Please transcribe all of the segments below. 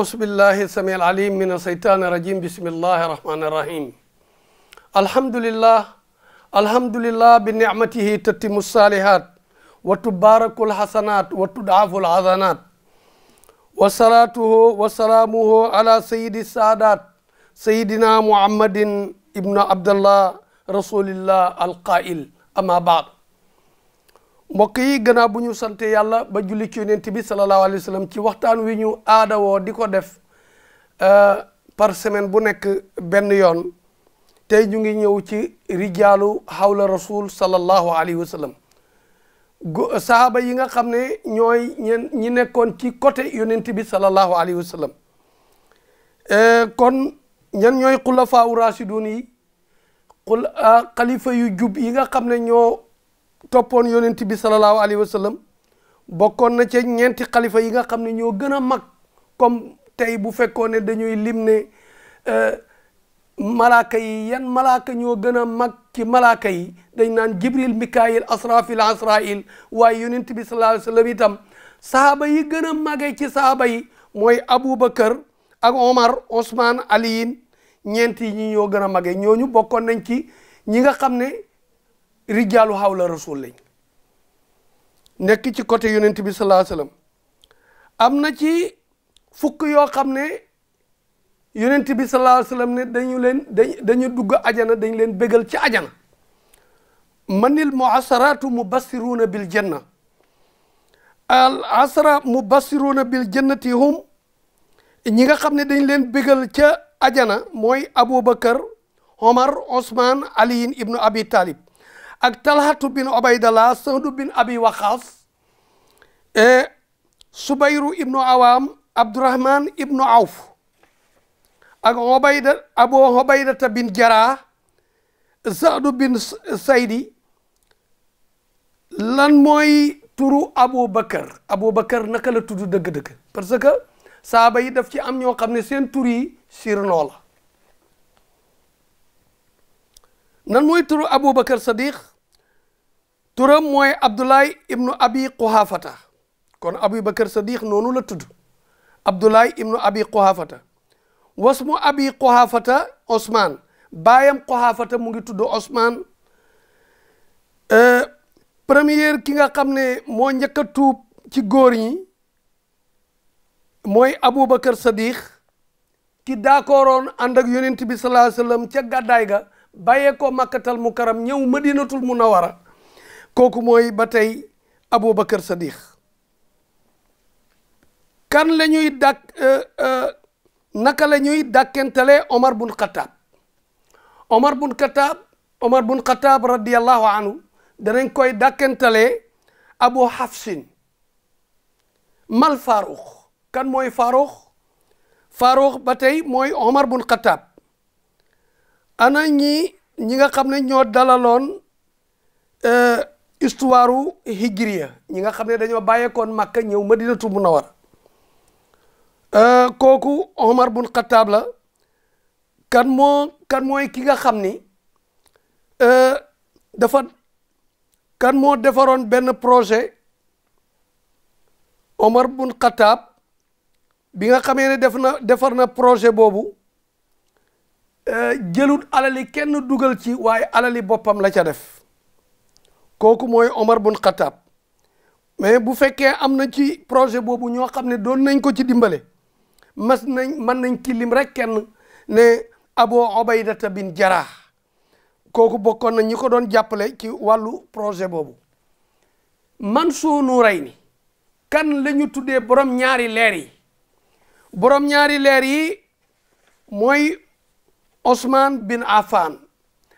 أعوذ بالله السميع العليم من الشيطان الرجيم بسم الله الرحمن الرحيم الحمد لله الحمد لله بنعمته تتم الصالحات وتبارك الحسنات وتضعف الحسنات وصلاته وسلامه على سيد السادات سيدنا محمد ابن عبد الله رسول الله القائل أما بعد mbokk yi gannaaw bu ñu sante yàlla ba julli ci yonent bi sallallahu alayhi wa ci waxtaan wi ñu aadawoo di ko def euh, par semaine bu nekk benn yoon te ñu ngi ñëw ci rijaalu hawla rasul sallallahu alayhi wa sallam sahaaba yi nga xam ne ñooy ñeen ñi nekkoon ci côté yonent bi sallallahu euh, ñooy xulafaa u yi xul ah, yu jub yi nga xam ne ñoo toppoon yonent bi sallallahu alayhi wa sallam bokkoon na ca ñeenti xalifa yi nga xam ne ñoo gën a mag comme tey bu fekkoon ne dañuy lim ne euh, malaaka yan malaaka ñoo gën a mag ci malaaka yi dañ naan jibril mikaayil asrafil asrail waaye yonent bi sallallahu alayhi wa sallam itam sahaaba yi gën a magee ci sahaaba yi mooy aboubacar ak omar osman aliyin ñeent yi ñi ñoo gën a magee ñooñu bokkoon nañ ci ñi nga xam ne rijaalu hawla rasul lañ nekk ci côté yonent bi sallallahu alayhi am na ci fukk yoo xam ne yonent bi sallallahu alayhi wasallam ne dañu leen dañu dugg ajana dañ leen bégal ci ajana manil muasaratu mubassiruna bil janna al asra mubassiruna bil jannati hum ñi nga xam ne dañ leen bégal ca ajana mooy aboubacar omar osman aliyin ibnu abi talib ak talhatu bin obaydallah sahdu bin abi waqas e subayru awf ak abu obaydata bin jara sahdu bin saydi lan mooy turu aboubacar aboubacar naka la tudd dëgg-dëgg parce que saaba yi daf ci am ñoo xam ne seen tur yi sirnoo la nan mooy turu aboubacar sadiq turam mooy Abdoulaye ibnu Abi Quhafata kon Abu Bakar Sadiq noonu la tudd Abdoulaye ibnu Abi Quhafata wasmu Abi Quhafata Ousmane baayam Quhafata mu ngi tudd Ousmane euh, première ki nga xam ne moo njëkk a tuub ci góor ñi mooy Abu Bakar Sadiq ki d'accordoon ànd ak yonent bi sallallahu alayhi wa ca gàddaay ga bàyyee ko Makkatal Mukarram ñëw Madinatul wara kooku mooy ba tey Aboubacar Sadiq kan la ñuy dàkk euh, euh, naka la ñuy dàkkentale Omar bun Khattab Omar bun Khattab Omar bun Khattab danañ koy dakkentale Abu Hafsin mal Farouk kan mooy Farouk Farouk ba tey mooy Omar bun Khattab ana ñi ñi nga xam ne ñoo dalaloon. Euh, histoire hijriya ñi nga xam ne dañoo bàyyeekoon Makka ñëw ma mu Madinatu Munawwara euh, kooku Omar bun Xattaab la kan moo kan mooy ki nga xam ni euh, dafa kan moo defaroon benn projet Omar bun Xattaab bi nga xamee ne def na defar na projet boobu euh, jëlut alali kenn dugal ci waaye alali boppam la ca def kooku mooy Omar bun Khattab mais bu fekkee am na ci projet boobu ñoo xam ne doon nañ ko ci dimbale mas nañ mën nañ ci lim rek kenn ne Abu Obaydata bin Jaraax kooku bokkoon na ñi ko doon jàppale ci wàllu projet boobu man Mansuur Nurayni kan la tuddee borom ñaari leer yi borom ñaari leer yi mooy Osman bin Affan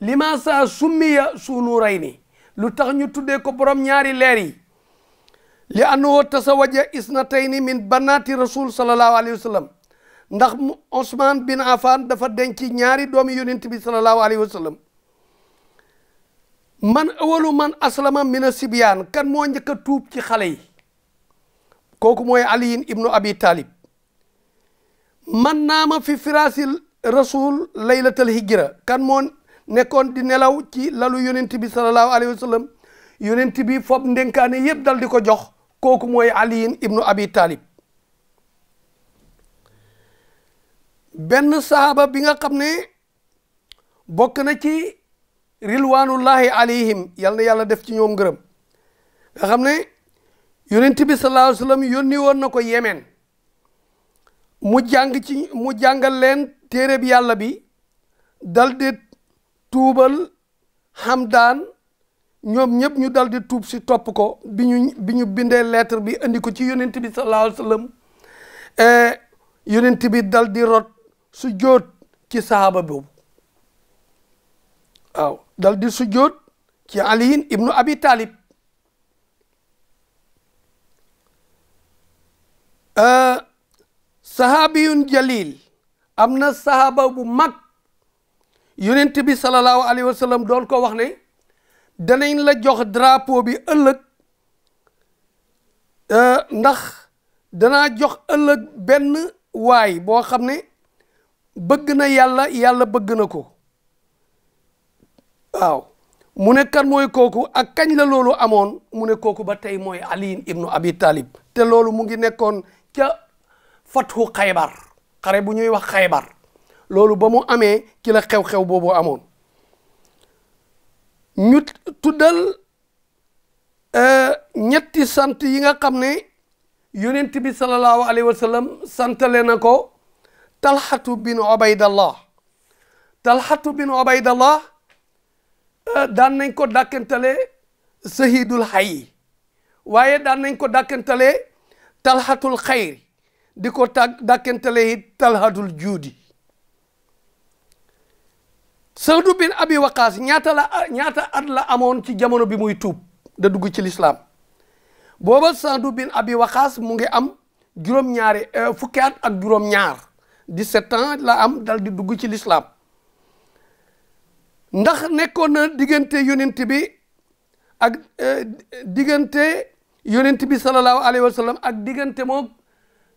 lima saa summiya Sunuurayni lu tax ñu tuddee ko borom ñaari leer yi li annahu tasawaja isnatayni min banaati rasul sallallahu alayhi wa sallam ndax Ousmane bin Affan dafa denc ñaari doomi yonent bi sallallahu alayhi wa sallam man awalu man aslama min a sibyaan kan moo njëkk tuub ci xale yi kooku mooy aliyin ibnu abi talib man naama fi firaasil rasul laylatal hijra nekkoon di nelaw ci lalu yonent bi sallallahu alayhi wa sallam yonent bi fob ndenkaane yëpp dal di ko jox kooku mooy aliyin ibnu abi talib benn sahaaba bi nga xam ne bokk na ci rilwanullahi alayhim yal na yàlla def ci ñoom ngërëm nga xam ne yonent bi sallallahu alayhi wa sallam na ko yemen mu jàng ci mu jàngal leen téereb yàlla bi dal tuubal Hamdaan ñoom ñëpp ñu daldi di tuub si topp ko bi ñu bindee lettre bi indi ko ci yonent bi sallallahu alayhi wa sallam e yonent bi dal di jóot ci sahaaba boobu waaw dal di aliyin ibnu abi talib e, jalil am na sahaaba bu mag yonent bi sallallahu alayhi wa doon ko wax ne danañ la jox drapeau bi ëllëg euh, ndax danaa jox ëllëg benn waay boo xam ne bëgg na yàlla yàlla bëgg na ko waaw mu ne kan mooy kooku ak kañ la loolu amoon mu ne kooku ba tey mooy Ali ibnu Abi Talib te loolu mu ngi nekkoon ca fathu Xaybar xare bu ñuy wax Xaybar loolu ba mu amee kila la xew-xew boobu amoon ñu tuddal euh, ñetti sant yi nga xam ne yonent bi sallallahu alayhi wa sallam santale na ko talxatu bin obaydallah talxatu bin obaydallah euh, daan nañ ko dàkkantale sahidul xayi waaye daan nañ ko dàkkantale talxatul xayri di ko tag dàkkantale it talxatul juudi Sa'd bin Abi Waqaas ñaata la ñaata at la amoon ci jamono bi muy tuub da dugg ci lislaam booba Sa'd bin Abi Waqaas mu ngi am juróom-ñaari euh, fukki at ak juróom-ñaar 17 ans la am dal di dugg ci lislaam ndax nekkoon na diggante yonent bi ak euh, diggante yonent bi sallallahu alayhi wa ak diggante moom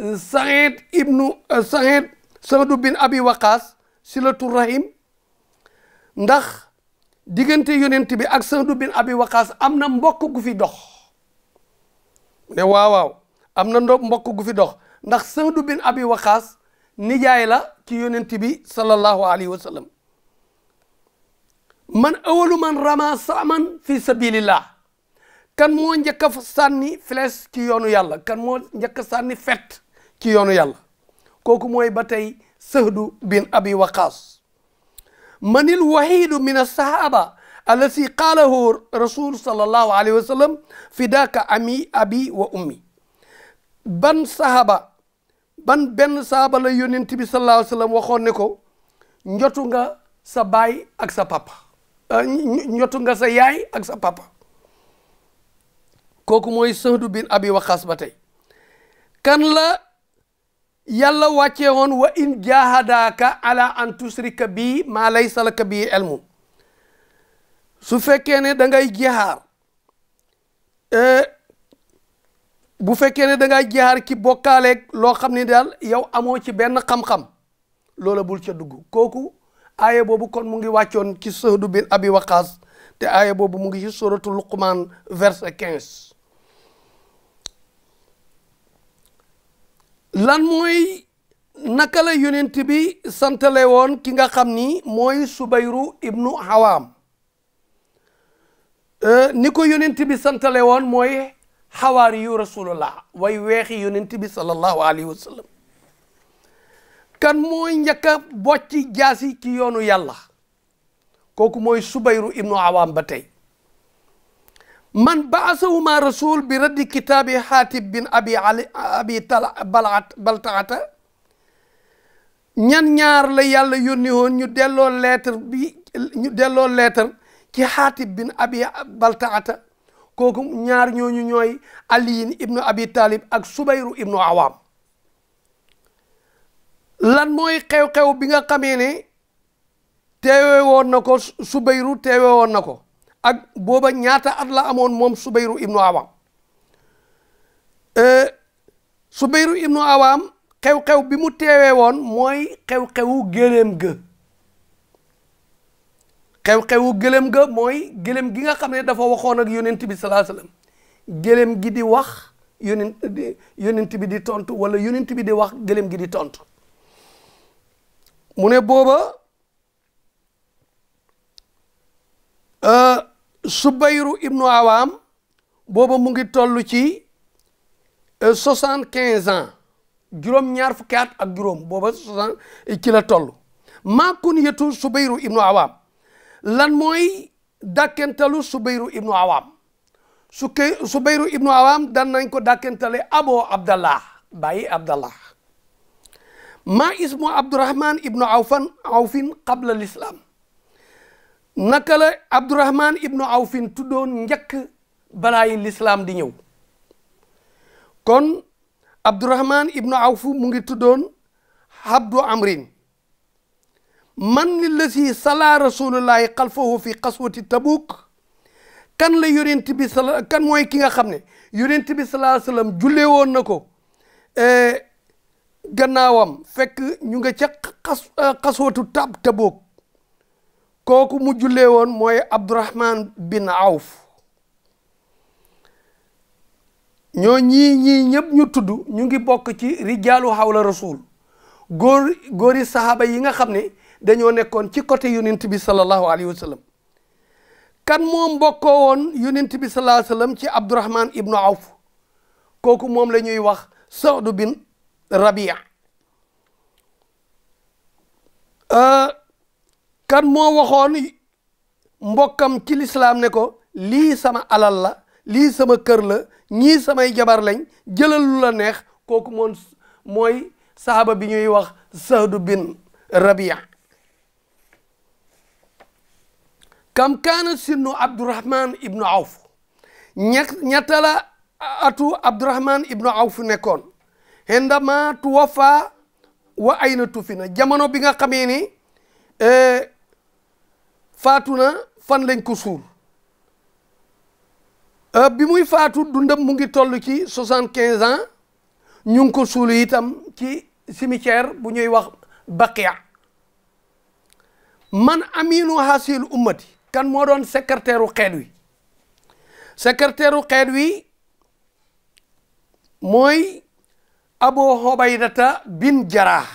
euh, Saïd ibnu Saïd Sa'd bin Abi Waqaas silatur rahim ndax diggante yonent bi ak Sa'd bin Abi Waqaas am na mbokk gu fi dox ne waaw am na ndo mbokk gu fi dox ndax Sa'd bin Abi Waqaas nijaay la ci yonent bi sallallahu alayhi wa man awalu man rama saman fi sabilillah kan moo njëkk a sànni flèche ci yoonu yàlla kan moo njëkk a sànni fet ci yoonu yàlla kooku mooy ba tey Sa'd bin Abi Waqaas man alwahidu min alsahaba allati qaalahu rasul sallallahu alayhi wa sallam abi wa ummi ban sahaba ban benn sahaba la yonent bi sallallahu wa sallam ko njotu nga sa baay ak sa papa sa yaay ak sa papa kooku mooy sëhdu bin abi waqaas ba kan la yàlla wàccee woon wa in jahadaka ala an tusrika bi maa laysa laka bi elmu su fekkee ne da ngay eh, bu fekkee ne da ngay jihaar ki bokkaaleeg loo xam ne daal yow amoo ci benn xam-xam loola bul ca dugg kooku aaya boobu kon mu ngi wàccoon ci Sahdu bin Abi wakaas te aye boobu mu ngi ci suratu Luqman verset quinze lan mooy naka la yonent bi santale woon ki nga xam ni mooy subayru ibnu hawaam euh, ni ko yonent bi santale woon mooy xawaari yu rasulullah way weexi yonent bi sallallahu alayhi wa kan mooy njëkk a bocci jaasi ci yoonu yàlla kooku mooy subayru ibnu hawaam ba tey man baasawuma rasul bi raddi kitaabi xaatib bin abi ali abi ñan ñaar la yàlla yónni woon ñu delloo lettre bi ñu delloo lettre ci xaatib bin abi baltaata kooku ñaar ñooñu ñooy aliyin ibnu abi talib ak subayru ibnu awaam lan mooy xew bi nga xamee ne teewe woon na ko subayru teewe woon na ko ak booba ñaata at la amoon moom Subayru ibnu Awaam euh, Subayru ibnu Awaam xew-xew bi mu teewee woon mooy xew-xewu gëléem ga xew-xewu gëléem ga mooy gëléem gi nga xam ne dafa waxoon ak yonent bi sallallahu alayhi wasallam gi di wax yonent tibi di tontu wala yonent bi di wax gëléem gi di tontu mu ne booba Euh, Subayru ibnu Awaam booba mu ngi toll ci euh, soixante quinze ans juróom ñaar fukki at ak juróom booba soixante ci la toll maa kunyatu Subayru ibnu Awaam lan mooy dàkkentalu Subayru ibnu Awaam su ke Subayru ibnu Awaam dan nañ ko dàkkentale Abo Abdallah bàyyi Abdallah maa ismu Abdurahman ibnu Awfan Awfin qabla l' islam naka la Abdourahman ibnu Awfin tuddoon njëkk balaayi lislaam di ñëw kon Abdourahman ibnu Awf mu ngi tuddoon habdu amrin man li la si sala rasulullahi xalfahu fi xaswati tabuk kan la yonent tibi sala kan mooy ki nga xam ne yonent tibi salaa sallam julle woon na ko e, gannaawam fekk ñu nga ca xas xaswatu tab tabuk kooku mu jullee woon mooy Abdurahman bin Awf ñoo ñii ñii ñëpp ñu tudd ñu ngi bokk ci rijaalu hawla rasul góor góori sahaaba yi nga xam ni dañoo nekkoon ci côté yonent bi sallallahu alayhi wa kan moom bokkoo woon yonent bi sallallahu alayhi ci Abdurahman ibnu Awf kooku moom la ñuy wax Saadu bin Rabia euh, kan moo waxoon mbokkam ci lislaam ne ko lii sama alal la lii sama kër la ñii samay jabar lañ jëlal la neex kooku moom mooy saxaaba bi ñuy wax sahdu bin rabia kam kaana sinnu abdourahman ibnu awf ñett ñettala atu abdourahman ibnu awf nekkoon hendama tuwafa wa ayna tufina jamono bi nga xamee ni eh, faatu na fan lañ ko suul euh, bi muy faatu dundam mu ngi toll ci soixante quinze ans ñu ngi ko suul ci cimetière bu ñuy wax Baqiya man aminu hasil ummati kan moo doon secrétaire u xeet wi secrétaire u xeet wi mooy Abu Hubaydata bin Jarrah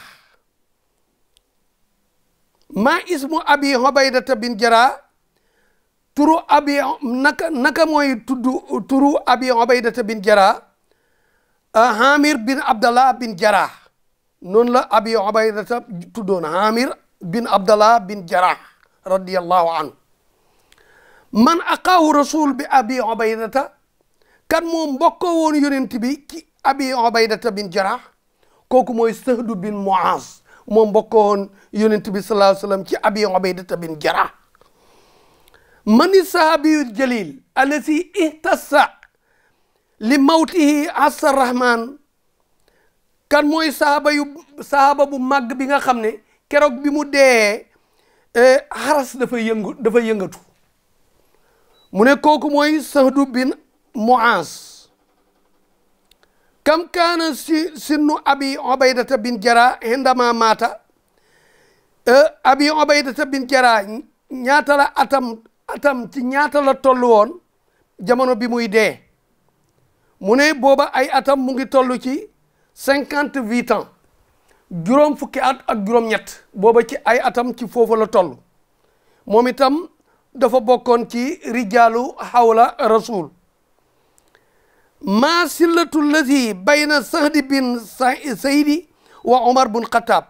maa ismu abi Ubaydata bin Jarrah turu abi naka naka mooy tudd turu abi Ubaydata bin Jarrah Hamir bin Abdallah bin Jarrah noonu la abi Ubaydata tuddoon Hamir bin Abdallah bin Jarrah radiyallahu anhu man aqaahu rasul bi abi Ubaydata kan moom mbokkoo woon yonent bi ki abi Ubaydata bin Jarrah kooku mooy Sahdu bin Muaz moom bokkoon yonent bi sallallahu alayhi ci abi ubaydata bin jarah mani sahabiyul jalil allazi ihtassa li mawtihi asa rahman kan mooy sahaaba yu sahaaba bu màgg bi nga xam ne keroog bi mu dee eh, xaras dafa yëngu dafa yëngatu mu ne kooku mooy sahdu bin muaz kam kaana si sinnu abi obaydata bin jara hindama eh, maata eh, abi obaydata bin jara ñaatala atam atam ci ñaata la toll woon jamono bi muy dee mu ne booba ay atam mu ngi toll ci cinquante huit ans juróom fukki ak juróom ñett booba ci ay atam ci foofu la toll moom itam dafa bokkoon ci rijaalu hawla rasul maa sillatu lazi bayna sahdi bin saydi wa omar bun xataab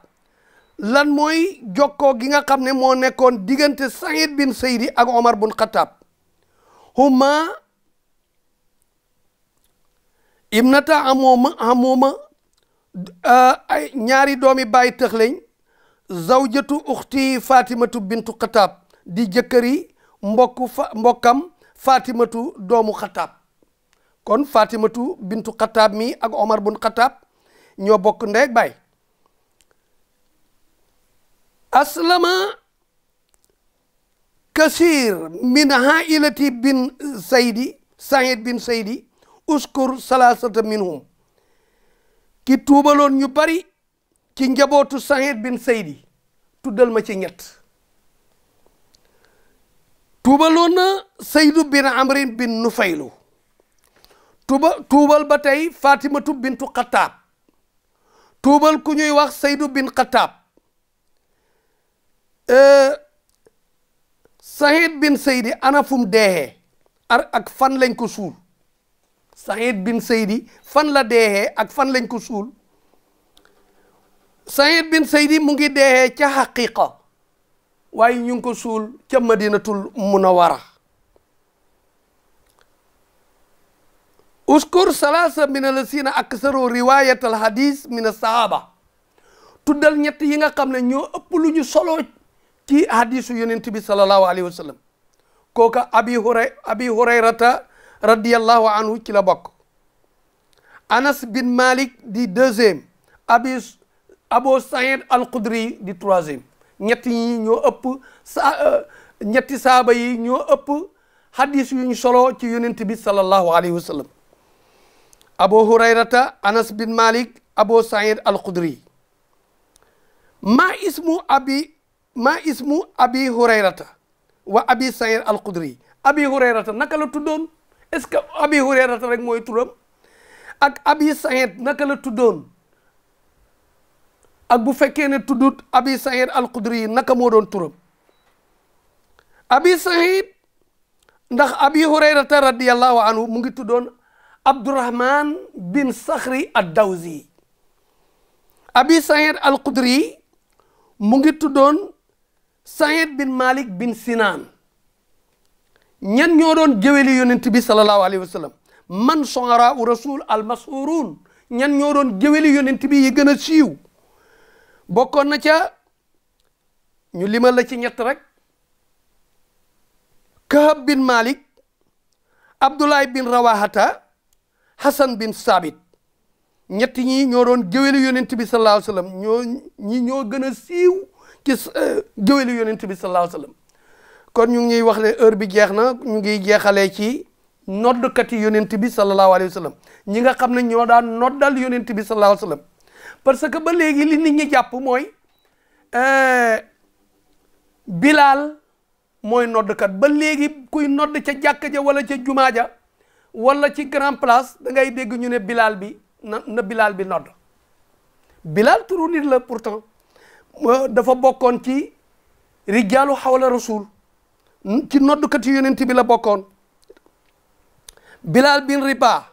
lan mooy jokkoo gi nga xam ne moo nekkoon diggante sahid bin saydi ak omar bun xataab huma ibnata amooma amooma euh, ñaari doomi bàyyi tëx lañ zawjatu uxti fatimatu bintu xataab di jëkkëri mbokku fa mbokkam fatimatu doomu xataab kon fatimatu bintu xataab mi ak omar bun xataab ñoo bokk ndey ak baay aslama kasir min hailati bin saydi saïd bin saydi uskur salasata minhum ki tuubaloon ñu bari ci njabootu saïd bin saydi tuddal ma ci ñett tuubaloon na saydu bin amrin bin nufaylu tuba tuubal ba tey fatimatu bintu xataab tuubal ku ñuy wax saydu bin xataab euh, sahid bin saydi ana fu mu ak fan lañ ko suul sahid bin seydi fan la deexee ak fan lañ ko suul sahid bin seydi mu ngi deexee ca xaqiqa waaye ñu ngi ko suul ca madinatul munawara uskur salaasa min alasina aksaru riwayat al hadis min asahaba tuddal ñett yi nga xam ne ñoo ëpp lu ñu solo ci hadisu yonent bi sallallahu alayhi wa sallam kooka abi huray abi hurayrata anhu ci la bokk anas bin malik di deuxième abi abo saïd al qudri di troisième ñett yi ñoo ëpp sa saaba yi ñoo ëpp hadis yu ñu solo ci yonent bi sallallahu alayhi wa sallam abu hurayrata anas bin malik abu said alxudri ma ismu abi ma ismu abi hurayrata wa abi said alxudri abi hurayrata naka la tuddoon est ce que abi hurayrata rek mooy turam ak abi said naka la tuddoon ak bu fekkee ne tuddut abi said alxudri yi naka moo doon turam abi said ndax abi hurayrata radiallahu anhu mu ngi tuddoon abdourahman bin sakhri ad dawsi abi saïd al qudri mu ngi tuddoon saïd bin malik bin sinaan ñan ñoo doon géwéli yonent bi sallallahu alayhi wa man shu'ara u rasul al mashhurun ñan ñoo doon géwéli yonent bi yi gën a siiw bokkoon na ca ñu lima la ci ñett rek kahab bin malik abdoulaye bin rawahata Hasan bin Sabit ñett ñi ñoo doon géwéli yonent bi sallallahu ñoo ñi ñoo gën a siiw ci euh, géwéli yonent bi sallallahu alayhi wa sallam kon ñu ngi ñuy wax ne heure bi jeex na ñu ngi jeexalee ci noddkati yonent bi sallallahu alayhi wa ñi nga xam ne ñoo daan noddal yonent bi sallallahu alayhi wa sallam parce que ba léegi li ni ñi jàpp mooy euh, Bilaal mooy noddkat ba léegi kuy nodd ca jàkka ja wala ca jumaa ja walla ci grand place da ngay dégg ñu ne Bilal bi na na Bilal bi nodd Bilal turu nit la pourtant dafa bokkoon ci rijaalu xawla rasul ci noddukat yi yonent bi la bokkoon Bilal bin Riba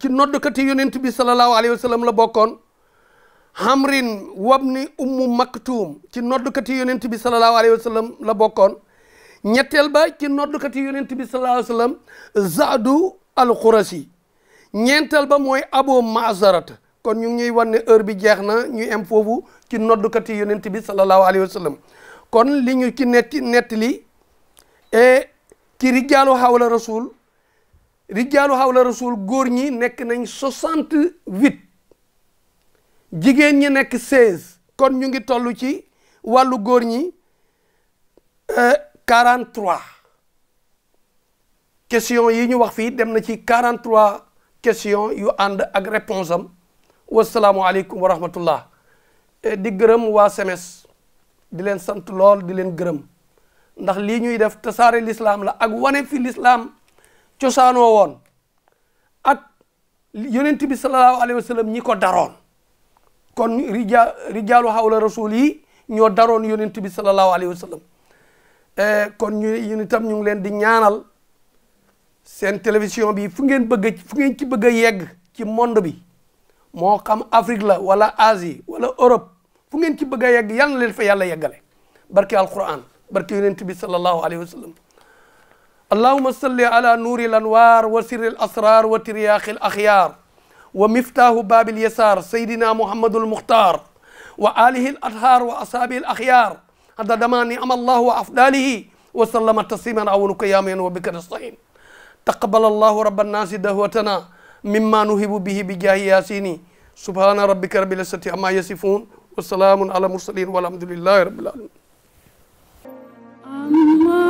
ci noddukat yi yonent bi sallallahu alayhi wa la bokkoon Hamrin wabni ummu maktuum ci noddukat yi yonent bi sallallahu alayhi wa sallam la bokkoon ñetteel ba ki noddukati yonent bi sallallahu alayhi wa sallam zaadu alxurasi ñeenteel ba mooy abo maasarata kon ñu ngi ñuy wan ne heure bi jeex na ñu em foofu ci noddukati yonent bi sallallahu alayhi wa kon li ñu ci netti nettali et ci rijaalu hawla rasul rijaalu hawla rasul góor ñi nekk nañ soixante huit jigéen ñi nekk seize kon ñu ngi toll ci wàllu góor ñi e 43 question yi ñu wax fii dem na ci 43 question yu ànd ak réponse am wasalaamualeykum wa rahmatullah eh, di gërëm waa SMS di leen sant lool di leen gërëm ndax lii ñuy def tasaare lislaam la ak wane fi lislaam cosaanoo woon ak yonent bi sallallahu alayhi wa sallam ñi ko daroon kon rija rijaalu hawla rasul yi ñoo daroon yonent bi sallallahu alayhi wa sallam Eh, kon ñu ñun itam ñu ngi leen di ñaanal seen télévision bi fu ngeen bëgg fu ngeen ci bëgg a yegg ci monde bi moo xam Afrique la wala Asie wala Europe fu ngeen ci bëgg a yegg yal na leen fa yàlla yeggale barke alquran barke yonent bi sallallahu alayhi wa sallam allahuma salli ala nuuri l anwaar wa sirri l asrar wa tiryaaqi l axyaar wa miftaahu baabil yasaar saydina muhammadul muxtaar wa alihi l athaar wa asaabi l axyaar hada damani ama allahu wa afdalihi wa sallama tasliman awaluka yaamen wa bika nasta'in taqabbal allahu rabba nnaasi dahwatana mimma nuhibu bihi bi jaahi yaasini subhana rabbika rabbil izzati amma yasifun wa salaamun ala mursalin walhamdulillahi rabbil alamin